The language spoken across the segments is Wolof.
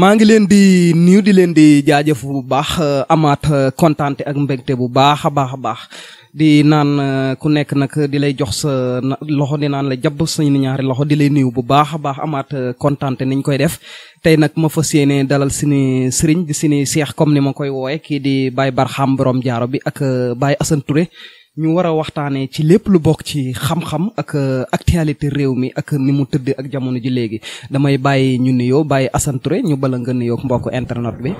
maa ngi leen di nuyu di leen di jaajëf bu baax euh, amaat euh, kontaante ak mbégte bu baax a baax a baax di naan euh, ku nekk nag di lay jox sa loxo di naan la jàpp sañ ñaari loxo di lay nuyu bu baax a baax amaat kontaante niñ koy def. tey nag ma fa yéene dalal sini sëriñ di sini seex comme ni ma koy wooye kii di Baye Barham boroom jaaro bi ak Baye Assane Touré. ñu war a waxtaanee ci lépp lu bokk ci xam-xam ak euh, actualité réew mi ak ni mu tëdd ak jamono ji léegi damay bàyyi ñu nuyoo bàyyi Assane ñu bala nga nuyoog mbokk internet bi.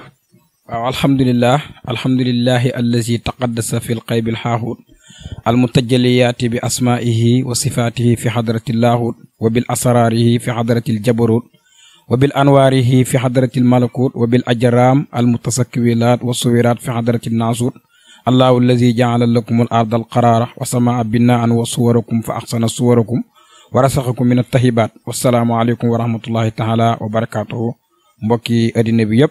waaw alhamdulilah alhamdulilahi allazi taqaddasa fi lqaybi lxaaxut almutajalliyaati bi asmaihi wa sifaatihi fi xadrati llaaxut wa bil asraarihi fi xadrati ljabarut wa bil anwaarihi fi xadrati lmalakut wa bil ajraam almutasakwilaat wa suwiraat fi xadrati nnaasut allahu allazi jaala lakum al ardal qaraara wa samaa binaan wa suwarakum fa axsana suwarakum wa rasaxakum min attahibaat wasalaamu aleykum wa rahmatullahi taala wa barakaatuhu mbokki addina bi yëpp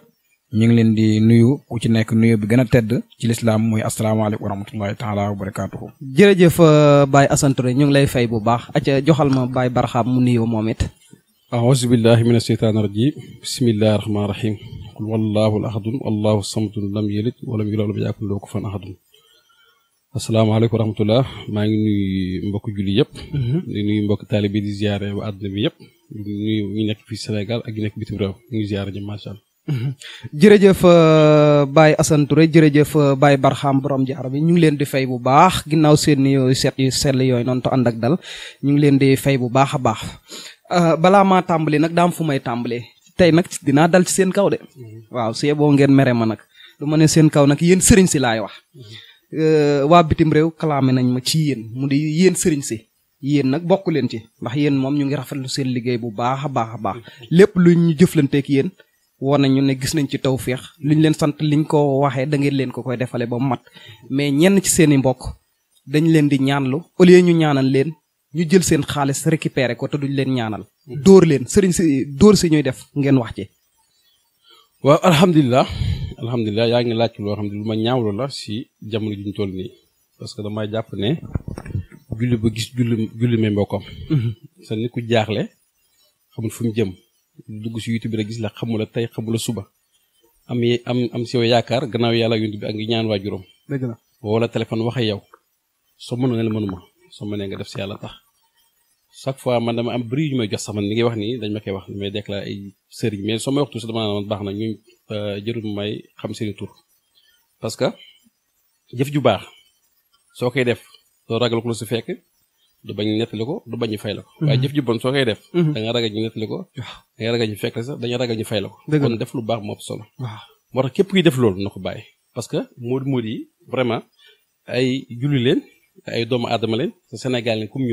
ñu ngi leen di nuyu ku ci nekk nuyu bi gën a tedd ci lislaam mooy asalaamaaleykum wa rahmatullahi taala wa barakaatuhu jërëjëf euh, Baye Assane Touré ñu ngi lay fay bu baax aca joxal ma Baye Barxaam mu nuyoo moom it aousubillahi min asheytaan irajim bismillahi rahmaani rahim qul wallaahu ahadun allahu samadun lam yalid walam yulad walam yakun lahu kufuwan ahadun asalaamaaleykum wa rahmatullah maa ngi nuyu mbokk julli mhm. yëpp di nuyu mbokk taalibe di ziare waa àdduna bi yëpp di ñu nekk fii Sénégal ak ñu nekk bitim réew ñu ngi ziare jëm macha allah mhm. jërëjëf euh, Baye Assane Touré jërëjëf euh, Baye Barham borom jaaro bi ñu ngi leen di fay bu baax ginnaaw seen yooyu seet yu sell yooyu noonu te ànd ak dal ñu ngi leen di fay bu baax a baax euh, balaa maa tàmbali nag daam fu may tàmbalee tey nag dinaa dal ci seen kaw de waaw su yeboo ngeen meree ma nag du ma ne seen kaw nag yéen sëriñ si laay wax euh, waa bitim réew kalaame nañ ma ci yéen mu di yéen sëriñ si yéen nag bokk leen ci ndax yéen moom ñu ngi rafet lu seen liggéey bu baax a baax a baax lépp lu ñu jëflanteek yéen woon ñu ne gis nañ ci tawféex li ñu leen sant liñ ko waxee da ngeen leen ko koy defale ba mu mat mais ñenn ci seeni mbokk dañ leen di ñaanlu au lieu ñu ñaanal leen ñu jël seen xaalis récupérer ko te duñ leen ñaanal. dóor leen sëriñ si dóor si ñuy def ngeen wax ci. waaw alhamdulilah alhamdulilah yaa ngi laaj loo xam ne lu ma ñaawlu la si jamono ji ñu toll nii parce que damay jàpp ne julli gis julli julli mbokkam. Mm-hmm. sa nit ku jaaxle xamul fu mu jëm dugg si YouTube bi rek gis la tey xamula suba am am am si yow yaakaar gannaaw yàlla yonent bi ak ngi ñaan juróom dëgg la wala téléphone wax ak yow soo mënoon ne la mënuma soo mënee nga def si yàlla tax. chaque fois man dama am bari yu may jox sax man mi ngi wax nii dañ ma koy wax mais déclaré ay sëriñ mais soo may wax toujours dama naan man na ñu euh, jërul may xam seeni tur parce que jëf ju baax soo koy def doo ragal ko la su fekk du bañ nettali ko du bañ ñu fay la ko mhm. waaye jëf ju bon soo koy def mhm. da nga ragal ñu nettali ko da ragal ñu fekk la sax dañu ragal ñu fay la ko kon def lu baax moo ëpp solo moo tax képp kuy def loolu na ko bàyyi parce que Modou Modou yi vraiment ay julli leen ay doomu aadama leen te Sénégal ne comme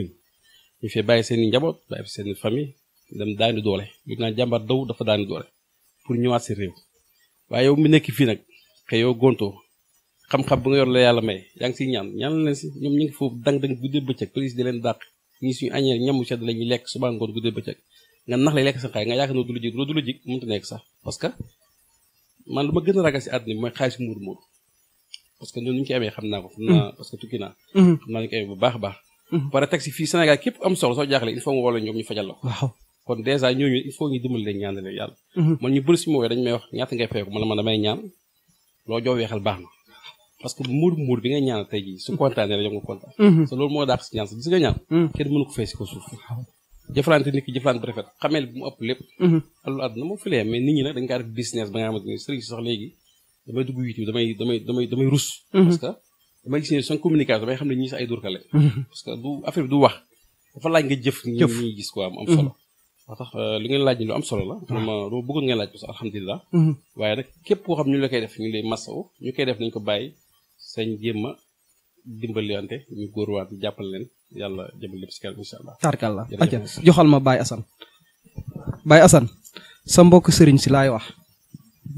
ñu fee bàyyi seen i njaboot bàyyi seen i famille dem daani doole lu ñu naan jàmbar daw dafa daani doole pour ñëwaat si réew waaye yow mu nekk fii nag xëyoo gontoo xam-xam bu nga yor la yàlla may yaa si siy ñaan ñaan leen si ñoom ñu ngi foofu dang-dang guddee bëccëg police di leen dàq ñii suñu añee ñamu sedd la ñuy lekk suba ngoon guddee bëccëg nga nax lay lekk sa xaay nga yaakaar ne du la jig du la jig mënta nekk sax parce que man lu ma gën a ragal si àdduna bi mooy xaalis muur muur parce que ñoom ñu ngi amee xam naa ko xam naa mm-hmm. parce mm-hmm. bu baax baax Mhm. war a teg si fii Sénégal képp am solo soo jaaxle il faut nga woo la ñoom ñu fajal la waaw kon dèjà ñooñu il faut ñu ñaan leen yàlla mhm. man ñu bëri si ma wooye dañu may wax ñaata ngay fayoo ko man la man damay ñaan loo jox weexal baax na parce que muur muur bi ngay ñaan tey jii su kontaanee la yow nga kontaan so mhm. loolu moo daax si ñaan sa gis nga ñaan kenn mënu ko fay si ko suuf jëflante nit ki jëflante bu rafet xameel bu mu ëpp lépp allu damay gis ne seen communication bay xam ne ñii sa ay durkale mhm. parce que du affaire du wax dafa laaj nga jëf ñi ñuy gis ko am am mhm. solo moo tax euh, li ngeen laaj ni lu am solo la ah. ma doo bëggoon ngeen laaj parce que alhamdulilah mhm. waaye nag képp koo xam ñu la koy def ñu lay masaw ñu koy def nañ ko bàyyi sañ jéem a dimbaliwante ñu góorwaat ñu jàppal leen yàlla jëmal lépp si kanam incha allah tarkal joxal ma Baye asan Baye Assane sa mbokk sëriñ si laay wax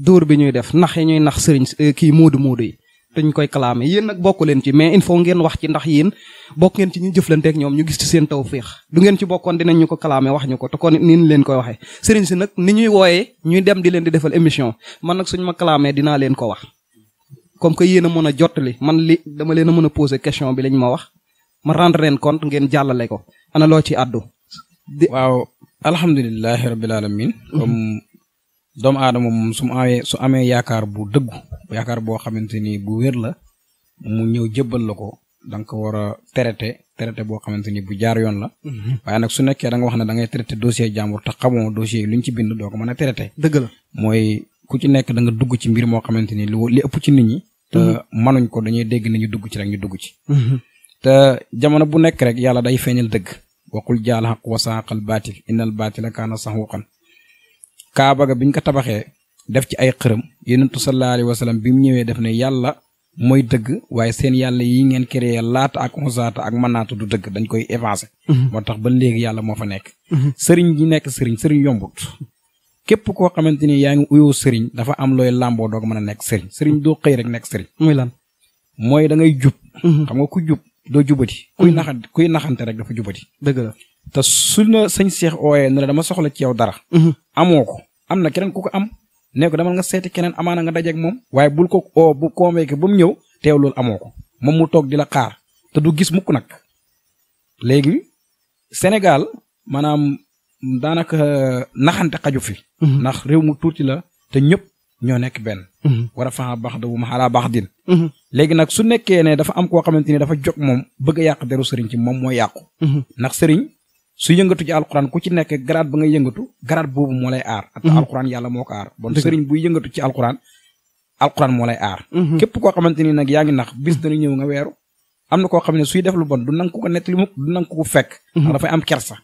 dóor bi ñuy def nax yi ñuy nax sëriñ euh, kii moodu moodu yi dañ koy clamé yéen nag bokk leen ci mais il faut ngeen wax ci ndax yéen bokk ngeen ci ñu jëflanteeg ñoom ñu gis ci seen tawféex du ngeen ci bokkoon dinañ ñu ko clamé wax ñu ko te kon niin leen koy waxee sëriñ si nag ni ñuy wooyee ñuy dem di leen di defal émission man nag suñ ma clamé dinaa leen ko wax comme que yéen a mën a jottali man li dama leen a mën a poser question bi lañ ma wax ma rendre leen compte ngeen jàllale ko ana loo ci àddu waaw alhamdulilahi rabbil alamin mhm. comme doomu aadama moom su mu amee su amee yaakaar bu dëggu yaakaar boo xamante ni bu wér la mu ñëw jébbal la ko da ko war a traité traité boo xamante ni bu jaar yoon la. Mhm. waaye nag su nekkee da wax ne da ngay traité dossier jàmbur te xamoo dossier yi lu ñu ci bind doo ko a traité. dëgg la mooy ku ci nekk da dugg ci mbir moo xamante ni lu li ëpp ci nit ñi. te mënuñ mhm. ko dañuy dégg ni ñu dugg ci rek ñu dugg ci. Mhm. te jamono bu nekk rek yàlla day feeñal dëgg. waxul jaal xaq wasaaxal baatil innal baatila kaana saxuqan kaaba ga ñu ko tabaxee def ci ay xërëm yonentu sallallahu alayhi wa sallam bi mu ñëwee def ne yàlla mooy dëgg waaye seen yàlla yi ngeen créé laata ak usaata ak manaata du dëgg dañ koy effacé. Mhm. moo tax ba léegi yàlla moo fa nekk. Mhm. sëriñ ji nekk sëriñ sëriñ yombut. képp koo xamante ni yaa ngi uyoo sëriñ dafa am looy làmboo doog mën a nekk sëriñ sëriñ doo xëy rek nekk sëriñ. muy lan mooy dangay jub. Mhm. xam nga ku jub doo jubati. kuy naxan kuy naxante rek dafa jubati. dëgg te su la sëñ Cheikh ooyee ne dama soxla ci yow am na keneen ku ko am nee ko demal nga seeti keneen amaana nga dajeeg moom waaye bul ko oo bu convaincre ba mu ñëw teew loolu amoo ko moom mu toog di la xaar te du gis mukk nag léegi Sénégal maanaam daanaka naxante xaju fi. Mhm. ndax réew mu tuuti la te ñëpp ñoo nekk benn. Mhm. war a faa baax da wu ma xalaa baax din. Mhm. léegi nag su nekkee ne dafa am koo xamante ni dafa jog moom bëgg a yàq deru sëriñ ci moom mooy yàqu. ndax sëriñ su yëngatu ci alxuraan ku ci nekk garaat ba nga yëngatu garaat boobu moo lay aar ak mhm. alxuraan yàlla moo ko aar bon sëriñ buy yëngatu ci alxuraan alxuraan moo lay aar mhm. képp koo xamante ni nag yaa ngi nax bis dana ñëw nga weeru am na koo xam ne suy def lu bon du nangu ko nett li mukk du nangu ko fekk mhm. dafay am kersa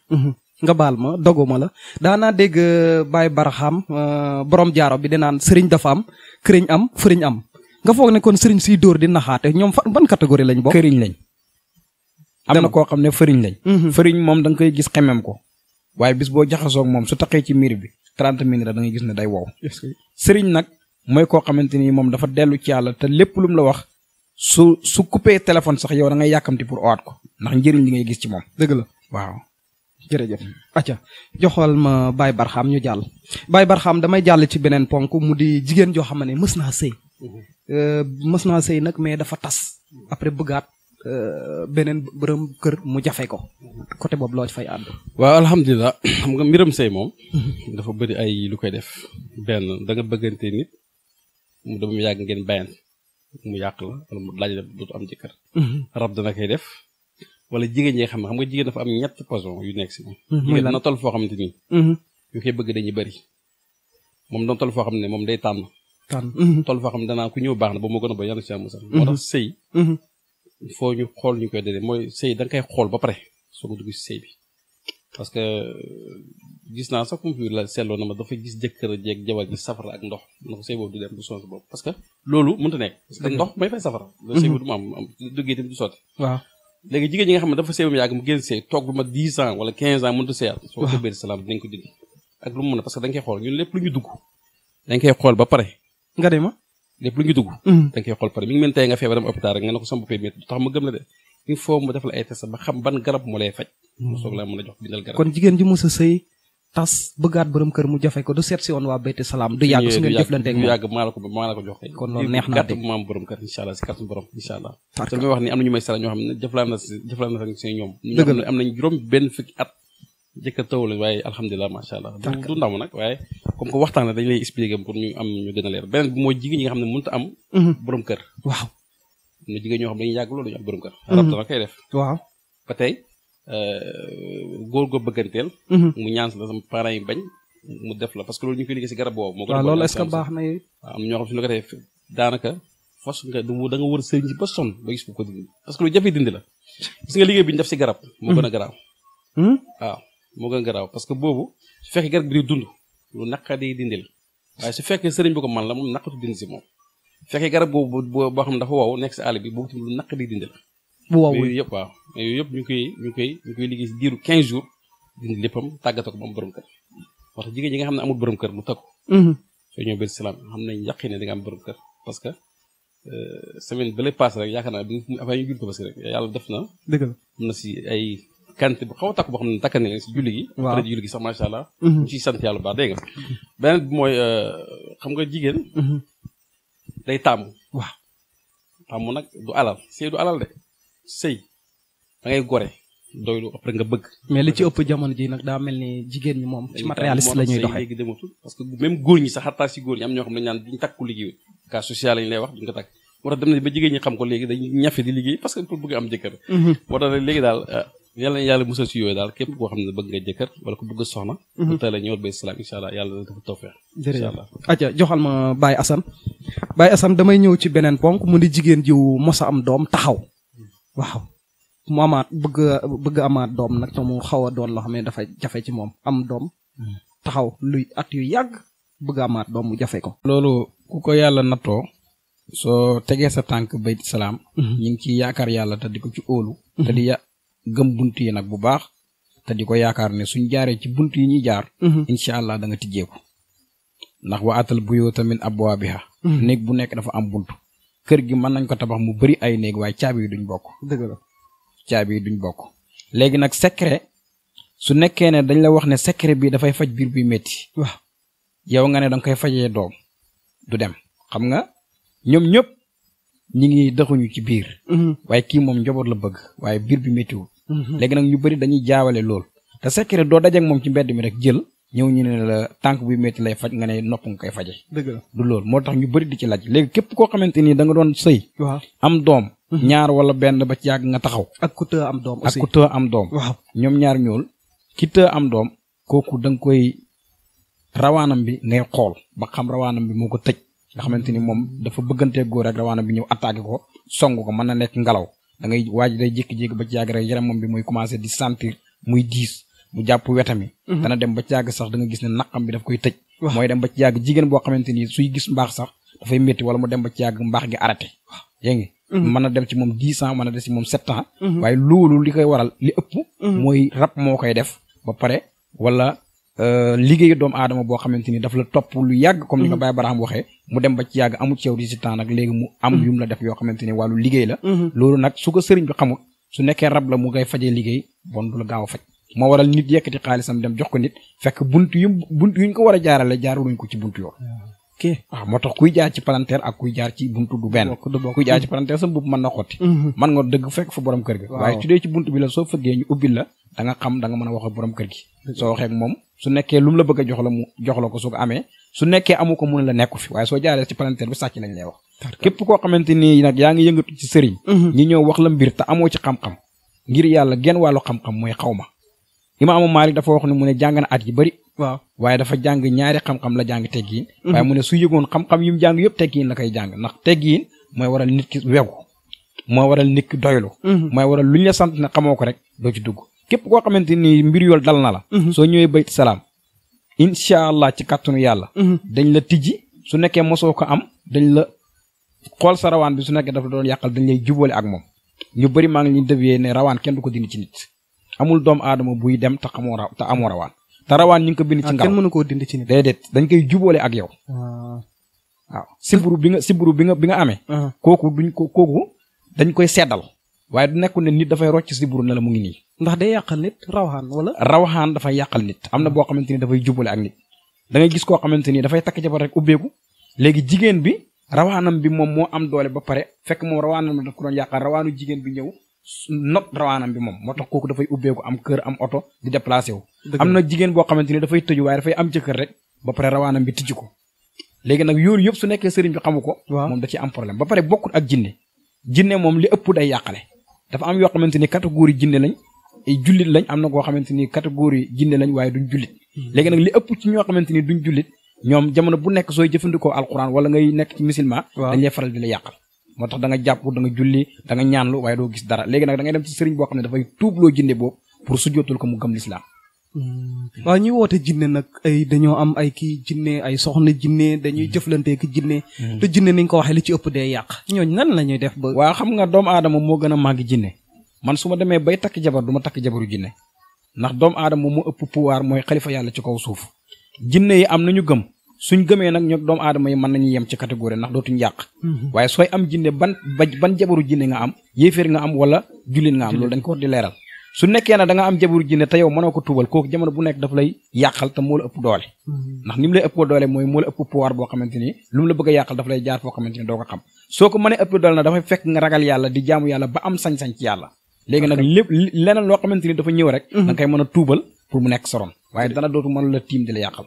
nga baal ma doguma la daanaa dégg euh, Baye Barham euh, borom jaaro bi naan sëriñ dafa am këriñ am fëriñ am nga foog ne kon sëriñ siy dóor di naxaate ñoom fan ban catégorie lañ bokk këriñ lañ am na koo xam ne fëriñ lañ mhm. fëriñ moom danga koy gis xemem ko waaye bis boo jaxasoog moom su taqee ci miir bi trente minutes da ngay gis ne day wow sëriñ nag mooy koo xamante ni moom dafa dellu ci yàlla te lépp lu mu la wax su su coupé téléphone sax yow da ngay yàkkamti pour owaat ko ndax njëriñ li ngay gis ci moom dëgg la waaw jërëjëf acca joxal ma Baye Barxam ñu jàll Baye Barxam damay jàll ci beneen ponk mu di jigéen joo xam ne mës naa sëy mhm. euh, mës naa sëy nag mais dafa tas après bëggaat Euh, beneen bërëm kër mu jafe ko côté boobu loo ci fay àddu. waaw alhamdulilah xam nga mbiram sëy moom. dafa bëri ay lu koy def. benn da nga bëggante nit mu dem yàgg ngeen bayan mu yàq la wala mu laaj la dootu am jëkkër. Mm-hmm. dana koy def. wala jigéen ñi xam ne xam nga jigéen dafa am ñett poison yu nekk si moom. Mm-hmm. dana toll foo xamante ni. Mm-hmm. yu koy bëgg bëri. moom dana toll foo xam ne moom day tànn. tànn toll foo xam ne danaa ku ñëw baax na ba moo gën a ba yàlla si am musal. moo tax sëy il ñu xool ñu koy déggee mooy sëy da nga xool ba pare soo ko dugg si sëy bi parce que euh, gis naa sax comme la seetloo na ma dafa gis jëkkër jeeg jabar ji safara ak ndox na ko sëy boobu du dem du sotti boobu parce que loolu mun nekk. parce ndox may fay safara. loolu mhm. sëy bi du ma am ne dafa sëy ba mu yàgg mu génn sëy toog lu ma 10 ans wala 15 ans mënta sëyaat. waaw soo ko béy salaam dinañ ko dindi. ak lu mu mën a parce que da koy xool ñun lépp lu ñu dugg. da koy xool ba pare. nga dem ma lépp lu ñu dugg mm. da nga pare mi ngi mel tey nga feebar am rek nga ne ko sama bopp métti tax ma gëm la de mu def mm. mu jafe ko du seet si woon waa Bayte Salaam du yàgg su ngeen jëflanteeg moom maam borom kër incha allah si kàttan borom incha allah te lu wax ni am na ñu may sala ñoo xam ne jëflaan na jëflaan na si ñoom am nañ juróom benn fukki at jëkkër taw lañ waaye alhamdulilah macha allah. du ndaw nag waaye comme que waxtaan la dañ lay expliquer pour ñu am ñu gën a leer beneen bi mooy jigéen ñi nga xam ne mënut a am. Mhm. borom kër. waaw am na jigéen ñoo xam ne koy mhm. def. waaw euh, góor goo bëgganteel. Mhm. mu ñaan la sama parents yi bañ mu def la parce que loolu ñu ngi koy liggéey si garab boobu. moo am na ñoo xam si lu ko defee du da nga wër sëriñ si ba sonn ba gis bu ko dindi parce que lu jafe dindi la bi def si garab moo gën a garaaw hmm? waaw moo gën garaaw parce que boobu su fekkee garab bi di dund lu naqa dindi la waaye su fekkee sëriñ bi ko man la moom naqatu dindi si moom su fekkee garab boobu boo xam ne dafa wow nekk si àll bi boobu tamit lu naq di dindi la bu wow yooyu waaw yooyu yëpp ñu koy ñu koy ñu koy liggéey si diiru 15 jours dindi léppam tàggata ko ba am borom kër wax jigéen ñi nga xam ne amul borom kër mu takku mm-hmm. soo ñëw benn salaam xam ne yàqi ne am borom kër euh, na la am quantité bu xaw a takk boo xam ne takk nañ si julli gi après mhm. ñu bu mooy euh, xam nga jigéen mhm. day tàmm waaw nag du alal sëy alal de sëy da ngay gore bëgg mais li ci ëpp jamono ji nag daa mel ni jigéen ñi moom ci matérialiste la ñuy doxee léegi dematul parce que même góor ñi sax xataa si góor ñi ñoo xam ne ñaan duñu takk ku liggéey cas social lañ lay wax duñ ko takk moo tax dem na ba jigéen ñi xam ko léegi dañ ñafe di liggéey parce que pour bëgg am jëkkër mhm. moo tax léegi daal euh, yàlla na yàlla musal si yooyu daal képp koo xam ne bëgg nga jëkkër wala ko bëgg soxna mhm. la joxal ma Baye Assane Baye Assane damay ñëw ci beneen ponk mu di jigéen jiw mos a am doom taxaw waaw mu amaat bëgg bëgg amaat doom nag te xaw a doon loo xam ne jafe ci moom am doom mm. taxaw luy at yu yàgg bëgg amaat doom mu jafe ko loolu ku ko yàlla nattoo soo tegee sa tànk bayt salaam mm-hmm. ñu ngi ci yaakaar yàlla te di ko ci óolu mm-hmm. te di gëm bunt yi nag bu baax te di ko yaakaar ne suñ jaaree ci bunt yi ñuy jaar mhm. incha allah da nga tijjeeku ndax wa atal bu yow tamit ab min abwaabiha mhm. néeg bu nekk dafa am bunt kër gi mën nañ ko tabax mu bëri ay néeg waaye caabi yi duñ bokk dëgg la caabi yi duñ bokk léegi nag secret su nekkee ne dañ la wax ne secret bi dafay faj biir bi métti waaw yow nga ne danga koy fajee doom du dem xam nga ñoom ñëpp ñu ngi dëxuñu ci biir mhm. waaye kii moom njaboot la bëgg waaye biir bi méttiwul Mm-hmm. léegi nag ñu bari dañuy jaawale lool te secret doo dajeeg moom ci mbedd mi rek jël ñëw ñu ne la tànk buy métti lay faj nga ne nopp nga koy faje dëgg du lool moo tax ñu bëri di ci laaj léegi képp koo xamante nii da nga doon sëy am doom mm-hmm. ñaar wala benn ba ci yàgg nga taxaw ak am doom ak am doom ñoom ñaar ñool ki tëë am doom kooku da nga koy rawaanam bi ngay xool ba xam rawaanam bi moo ko tëj nga xamante ni moom dafa bëggantee góor rek rawaanam bi ñëw attaqué ko song ko mën na nekk ngelaw da ngay waaj day jékki-jékki ba ci yàgg rek yaramam bi muy commencé di sentir muy diis mu jàpp wetami mhm. dana dem ba ci yàgg sax da nga gis ne naqam bi daf koy tëj mooy dem ba ci yàgg jigéen boo xamante ni suy gis mbaax sax dafay métti wala mu dem ba ci mbaax gi arrêté yaa ngi mhm. mën na dem ci moom dix ans mën na dem ci moom sept mhm. waaye loolu li koy waral li ëpp mooy rab moo koy def ba pare wala Euh, liggéeyu doomu aadama boo xamante ni daf la topp lu yàgg comme ni ko mhm. Baye Barham waxee mu dem ba ci yàgg amul ci yow résultat nag léegi mu am mhm. yu la def yoo xamante ni wàllu liggéey la mhm. loolu nag su ko sëriñ bi xamul su nekkee rab la mu ngay fajee liggéey bon du la gaaw a faj moo waral nit ti xaalisam dem jox ko nit fekk bunt yu bunt yuñ ko war a jaarale jaaraluñ ko ci bunt yoon waaw moo tax kuy jaar ci palanteer ak kuy jaar ci buntu du benn kuy jaar ci palanteer sa mbubb na xotti man nga dëgg fekk borom kër ga waaye su bi la soo fëggee ñu ubbil la da nga xam da nga mën a wax ak borom kër gi soo waxee ak moom su nekkee lu la bëgg a jox la mu jox la ko su ko amee su nekkee amu ko mun la nekku fi waaye soo jaaree ci palanteer bi sàcc lañ lay wax képp koo xamante nii nag yaa ngi yëngatu ci sëriñ mhm. ñi ñëw wax la mbir te amoo ci xam-xam ngir yàlla genn wàllu xam-xam mooy xaw ma ma imaamu Maalik dafa wax ne mu ne jàng na at yi bëri waaw waaye dafa jàng ñaari xam-xam la jàng teggiin mhm. waaye mu ne su yëgoon xam-xam yi mu jàng yëpp teggiin la koy jàng ndax teggiin mooy waral nit ki ki doylu mhm. mooy waral lu ñu la ko rek doo ci dugg képp koo xamante ni mbir yool dal na la. Mhm. soo ñëwee bayt salaam. incha allah ci kàttanu yàlla. Mhm. dañ la tijji su nekkee mosoo ko am dañ la xool sa rawaan bi su nekkee dafa doon yàqal dañ lay jubóole ak moom. ñu bëri maa ngi ñu dévier ne rawaan kenn du ko dindi ci nit. amul doomu aadama buy dem te xamoo raw te amoo rawaan. te rawaan ñu ngi ko bind ci ah, ngelaw kenn mënu koo dindi ci nit. déedéet dañ koy jubóole ak yow. Ah. waaw siburu bi nga siburu bi nga bi nga amee. Ah. kooku duñ ko kooku dañ koy seddal. waaye du nekku ne nit dafay rocc siburu ne mu ngi nii. ndax day yàqal nit rawxaan wala. rawxaan dafay yàqal nit am na boo xamante ni dafay jubale ak nit da ngay gis koo xamante ni dafay takk jabar rek ubbeeku léegi jigéen bi rawaanam bi moom moo am doole ba pare fekk moom rawaanam bi daf ko doon yàqal rawaanu jigéen bi ñëw not rawaanam bi moom moo tax kooku dafay ubbeeku am kër am oto di déplacé wu. am na jigéen boo xamante ni dafay tëju waaye dafay am jëkkër rek ba pare rawaanam bi tijji ko léegi nag yooyu yëpp su nekkee sëriñ bi xamu ko. moom da ci am problème ba pare bokkut ak jinne jinne moom li ëpp day yàqale dafa am yoo xamante ni catégorie jinne lañ ay jullit lañ am na koo xamante ni catégorie jinne lañ waaye duñ jullit hmm. léegi nag li ëpp ci ñoo xamante ni duñ jullit ñoom jamono bu nekk sooy jëfandikoo alquran wala ngay nekk ci musulman dañ lay faral di la yàqal moo tax da nga jàpp da julli da nga ñaanlu waaye doo gis dara léegi nag dangay dem ci sëriñ boo xam ne dafay tuubloo jinne boobu pour sujjootul ko mu gëm lislaam hmm. waaw ñuy woote jinne nag ay dañoo am ay kii jinne ay soxna jinne dañuy hmm. jëflante jinne te jinne ni ko waxee li ci ëpp dee yàq ñooñ nan la ñuy def ba waaw xam nga doomu aadama moo gën a màgg jinne man su ma demee bay takk jabar du ma takk jabaru jinne ndax doomu aadama moo ëpp pouvoir mooy xalifa yàlla ci kaw suuf jinne yi am nañu gëm suñ gëmee nag ñoo doomu aadama yi mën nañu yem ci catégorie ndax dootuñ yàq mhm. waaye sooy am jinne ban ban jabaru jinne nga am yéeféer nga am wala jullit nga am loolu dañ ko war di leeral su nekkee na da nga am jabaru jinne te yow mënoo ko tuubal kooku jamono bu nekk daf lay yàqal te moo la ëpp doole mhm. ndax ni mu lay ëpp doole mooy moo boo xamante ni lu mu la bëgg a yàqal jaar foo xamante ni doo ko xam ko mënee ëpp doole na fekk nga ragal yàlla di jaamu yàlla ba am sañ yàlla léegi nag lépp leneen loo xamante ni dafa ñëw rek mhm. danga koy mën a tuubal pour mu nekk soroon waaye dana dootu mën la tiim di la yàqal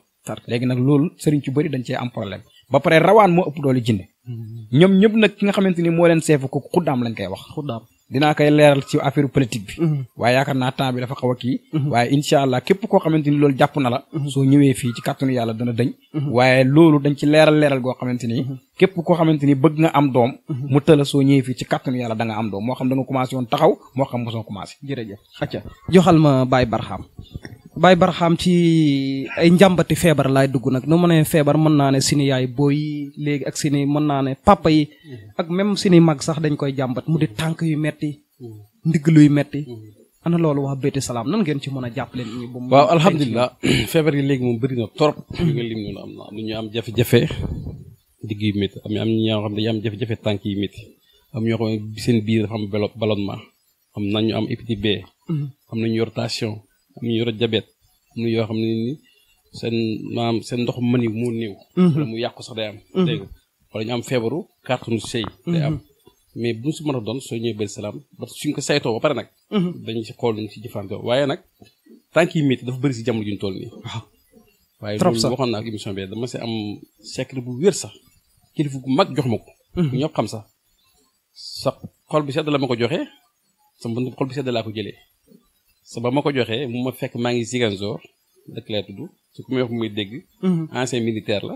léegi nag loolu sëriñ ci bëri dañ cee am problème ba pare rawaan moo ëpp doole jinne mhm. ñoom ñëpp nag ki nga xamante ni moo leen seefu ko xuddaam lañ koy wax xuddaam dinaa koy leeral ci affaire politique bi. Mhm. waaye yaakaar naa temps bi dafa xaw a kii. Mhm. waaye incha allah képp koo xamante ni loolu jàpp na la. Mhm. soo ñëwee fii ci kàttanu yàlla dana dëñ. waaye loolu dañ ci leeral leeral goo xamante ni. képp koo xamante ni bëgg nga am doom. mu tëla soo ñëwee fii ci kàttanu yàlla da nga am doom moo xam da nga commencé woon taxaw moo xam mosoo commencé. jërëjëf acca joxal ma Baye Barham Baye Barham ci ay njàmbati feebar laay dugg nag nu mu ne feebar mën naa ne sini yaay yi léegi ak sini mën naa ne papa yi mm-hmm. ak même sini mag sax dañ koy jàmbat mu di tànk yu metti mm-hmm. ndigg luy metti mm-hmm. ana loolu wax béyte salaam nan ngeen ci mën a jàppale nit ñi waaw alhamdulilah feebar yi léegi moom bëri na trop li am na am am jafe-jafe am am ñoo xam am jafe tànk yu métti am ñoo xam ne seen biir dafa am ballonnement am na ñu am hépatite B am nañu yor tension am ñu yore jabet yoo xam ne ni seen maanaam seen ndox mëni moo néew. Mhm. wala mu yàqu sax day am. Mhm. dégg ñu am feebaru kàttanu sëy day am mhm. mais bu ñu si mën a doon soo ñëwee bel salaam ba suñ pare nag. dañu si xool ñu si jëfandikoo waaye nag tànk yi métti dafa bëri si jamono juñ toll nii. waaye loolu waxoon naa ak si am secret bu wér sax kilifa gu mag jox ma ko. ñëpp xam sax sa xol bi sedd la ma ko joxee sa mbënd xol bi sedd laa ko jëlee. sa ba ma ko joxee mu ma fekk maa ngi Ziguinchor dëkk laa tudd su ku may wax muy dégg mhm. ancien militaire la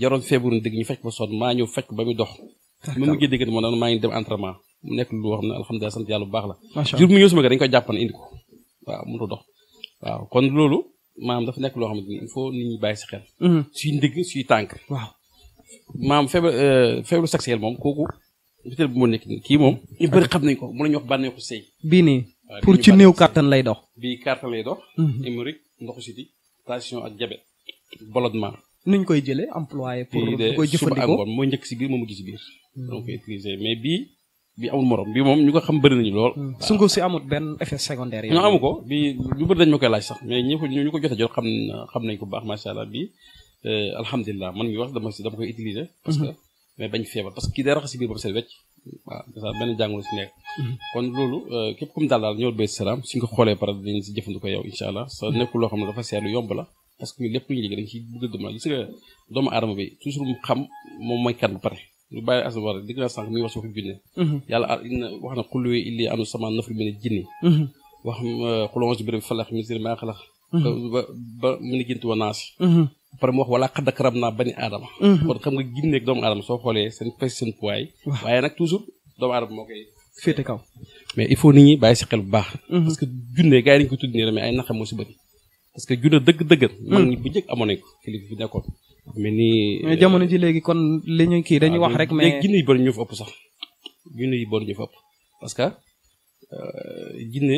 jaroon feebaru dégg ñu faj ko sonn maa ñëw faj ko ba muy dox ma mujjee dégg moo naan maa ngi dem entraînement mu nekk lu xam ne alhamdulilah sant yàlla bu baax la jur mu ñëw suma kër dañu ko jàppan indi ko waaw mënut a dox waaw kon loolu maam dafa nekk loo xamante ni il faut nit ñi bàyyi si xel mhm. suy ndigg suy tànk waaw maam faible euh, faible sexuel moom kooku peut-être bu mu nekk kii moom ñu bëri xam nañ ko mu la ñu wax bànneexu sëy bii nii Euh, pour ci néew kàttan lay dox. bii kàttan lay dox. hémorroïde mhm. ndoxu siti tension ak diabète ballonnement. nuñ koy jëlee employé. pour bu koy jëfandikoo mooy njëkk si biir moo mujj si biir. Mhm. donc utiliser mais bii bi amul morom bi moom ñu ko xam bëri nañu lool. Mhm. sunguf si amut benn effet secondaire yi. non ko bi ñu bëri dañ ma koy laaj ko ñu ko jot a jot xam nañ ko baax macha allah bii euh, alhamdulilah man mi wax dama si dama koy utiliser. parce que mais bañ feebar parce que kii day raxas si biir ba mu wecc waaw dèjà benn jàngoro si nekk. Hmm. kon loolu euh, képp kum daal daal ñëw ba salaam suñ ko xoolee pare dinañ si jëfandikoo yow incha allah sa nekkul xam ne dafa seetlu yomb la parce que lépp lu ñu dañ ciy bëgg a dëmal naa sànq wax si waxu jinne hmm. ah, na xul illi anu sama nafru mine jinni hmm. wax xulonge euh, bi rek falax misir maa xalax ba ba mu ne gént wa pare mu wax wala xadd karam ba bani aadama mhm. kon xam nga jinne ak doomu aadama soo xoolee seen pes seen poids waaye nag toujours doomu aadama moo koy féete kaw mais il faut nit ñi bàyyi si xel bu baax mhm. parce que junne gars yi dañu ko tudd nii rek mais ay parce que junne dëgg dëggan mhm. mag ñi bu njëkk amoon nañ ko kilifa fi mais nii jamono ji léegi kon li kii dañuy wax rek mais léegi jinne yi bëri ñoo ëpp yi bëri ñoo fa parce que euh, jinne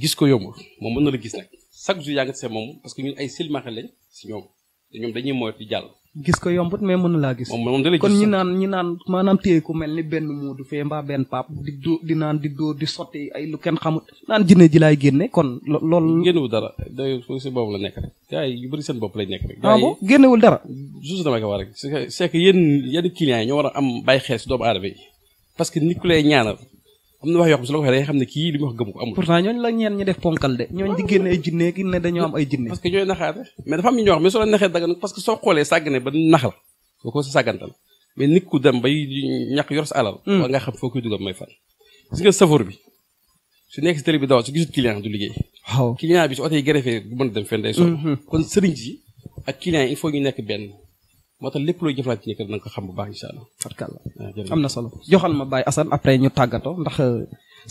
gis ko yomb moom mën na la gis nag chaque jour yaa ngi seet moom parce que ñun ay silmaxe lañ si ñoom te ñoom dañuy moytu di jàll. gis ko yombut mais mënu laa gis. moom moom kon ñi naan ñi naan maanaam téye ku mel ni benn Modou Faye mbaa benn Pape di dóor di naan di dóor di sotti ay lu kenn xamut naan jinne ji laay génne kon loolu. génnewul dara day si boobu la nekk rek gars yi yu bëri seen bopp lay nekk rek. ah bon génnewul dara. juste dama ko wax rek c'est que c'est que yéen yenn clients yi ñoo war a am bay xees si doomu aadama yi parce que nit ku lay ñaanal. am na wax yoo xam su la ko waxee xam ne kii li mu wax gëmu ko amul pourtant ñooñu la ñeen ñi def ponkal de ñooñu di génne ay jinne ki ne dañoo am ay jinne parce soo la naxee dagan parce que nax la soo ko sa sàggantal mais nit dem bay ñàkk yor alal ba hmm. nga xam foo koy dugal may fan gis nga safoor bi su nekk si télé bi daw su gisul client du liggéey waaw bi su oto yi greffé mën a dem fenn day so hmm, hmm. kon sëriñ si ak client il faut moo tax lépp looy jëflante ci kër na ko xam bu baax incha allah. barkalla ah, am na solo joxal ma Baye Assane après ñu tàggatoo ndax euh,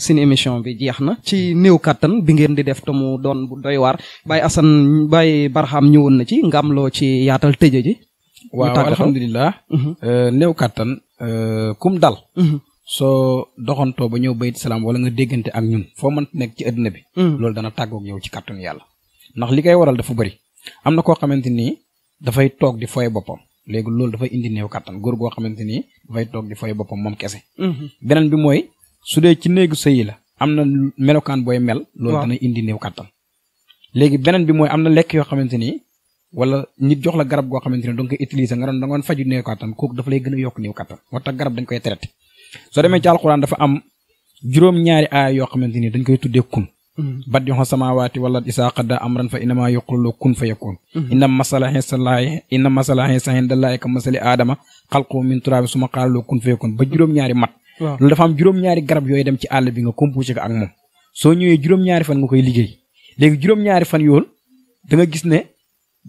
seen émission bi jeex na. ci néew kattan bi ngeen di def te doon bu doy waar Baye Assane Baye Barham ñëwoon na ci nga loo ci yaatal tëjee ji. waaw alhamdulilah mhm. euh, néew kàttan euh, kum dal mhm. soo doxantoo ba ñëw bayit salaam wala nga déggante ak ñun foo mën nekk ci àddina bi mhm. loolu dana tàggook yow ci kattan yàlla ndax li kay waral dafa bëri am na koo xamante nii dafay toog di fooye boppam léegi loolu dafay indi néew kàttan góor goo xamante ni dafay toog di fooy boppam moom kese. Mhm. beneen bi mooy su dee ci néegu sëy la am na melokaan booy mel. loolu dana indi néew kàttan. léegi beneen bi mooy am na lekk yoo xamante ni wala nit jox la garab goo xamante ni da nga koy utiliser nga doon da nga doon faju néew kàttan kooku dafa lay gën a yokk néew kàttan moo garab dañ koy traité. soo demee ci alxuraan dafa am juróom-ñaari aaya yoo xamante ni dañ koy tuddee kun bat yoxo samawaati wala isaa qadda amran fa innamaa yuqulu kun fa yakun mhm. inna masala xeesalaayi inna masala xeesahin dallaayi ka masali aadama xalqu min turaabi suma xaalaloo kun fa yakun ba juróom-ñaari mat loolu dafa am juróom-ñaari garab yooyu dem ci àll bi nga composé ko ak moom soo ñëwee juróom-ñaari fan nga koy liggéey léegi juróom-ñaari fan yoon da nga gis ne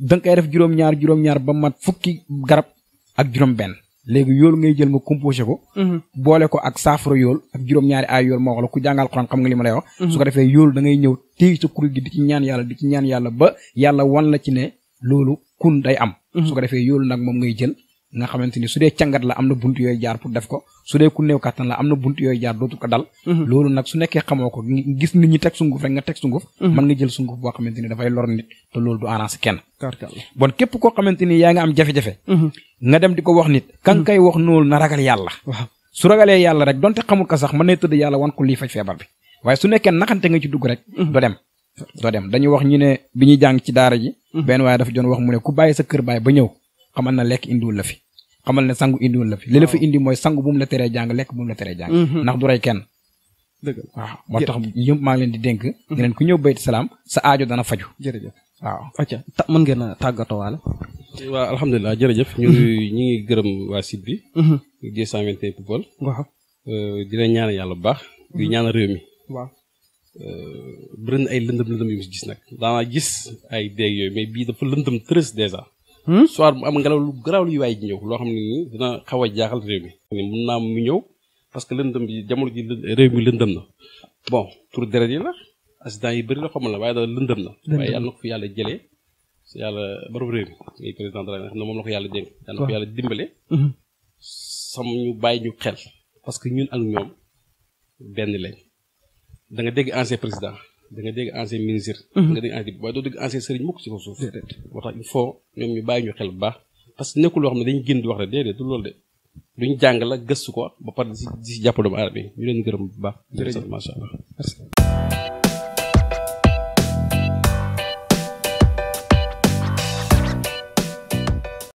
da nga def juróom-ñaar juróom-ñaar ba mat fukki garab ak juróom benn léegi yool ngay jël nga composé ko mhm. boole ko ak saafara yool ak juróom-ñaari ay yool moo wax la ku jàngal xuraan xam nga li ma lay wax mhm. su ko defee yool da ngay ñëw téy sa kuréel gi di ci ñaan yàlla di ci ñaan yàlla ba yàlla wan la ci ne loolu kun day am mhm. su ko defee yoolu nag moom ngay jël su dee càngat la am na bunt yooyu jaar pour def ko su dee ku néew kàttan la am na bunt yooyu jaar dootu ko dal mhm. loolu nag su nekkee xamoo ko gis nit ñi teg sunguf rek nga teg sunguf man mhm. nga jël sunguf boo xamante ni dafay lor nit te loolu mhm. di ko wax nit kan kay wax na ragal yàlla su ragalee yàlla rek donte xamul ko sax mën na tëdd yàlla wan ko lii faj feebar bi waaye su nekkee naxante nga ci dugg rek do dem doo dem dañuy wax ñu ne bi ñuy jàng ci daara ji benn waaye dafa doon wax mu ne ku bàyyi sa kër ba ñëw xamal na lekk indiwul la fi xamal ne sangu indiwul la fi li la fi mooy sangu bu mu la teree jàng lekk bu mu la teree jàng mhm. ndax du rey kenn waaw moo tax yëpp maa ngi leen di dénk mhm. ne leen ku ñëw bayti salaam sa aajo dana faju jërëjëf waaw acca mën a tàggatoo waale waaw alhamdulilah jërëjëf ñu mhm. ñu ngi gërëm waa site bi deux cent vingt euh, yàlla bu baax di ñaan réew mi waaw euh, bëri na ay lëndëm lëndëm yu mu gis nag daanaa gis ay déeg yooyu mais bii dafa lëndëm tërës dèjà Hmm? soir mu am ngelaw lu garaaw luy waaye ji ñëw loo xam ne nii dina xaw a jaaxal réew mi ni mun naa mu ñëw parce que lëndëm bi jamono ji réew mi lëndëm na bon tur deret yi la accident yi bëri la xamal la waaye daal lëndëm na waaye yàlla na ko fi yàlla jëlee si yàlla borom réew mi ngay président de la nga xam ne moom la ko yàlla dénk yàlla dimbale hmm. sam ñu bàyyi ñu xel parce que ñun ak ñoom benn lañ da nga dégg ancien président da nga dégg ancien ministre. Mhm. da nga dégg ancien waaye doo sëriñ mukk ci ko suuf. moo tax il faut ñoom ñu bàyyi ñu xel baax parce nekkul loo xam ne dañuy génn di wax rek déedéet du loolu de duñ jàng la gëstu ko ba pare di si di si jàpp doomu aadama yi ñu leen gërëm bu baax. jërëjëf allah.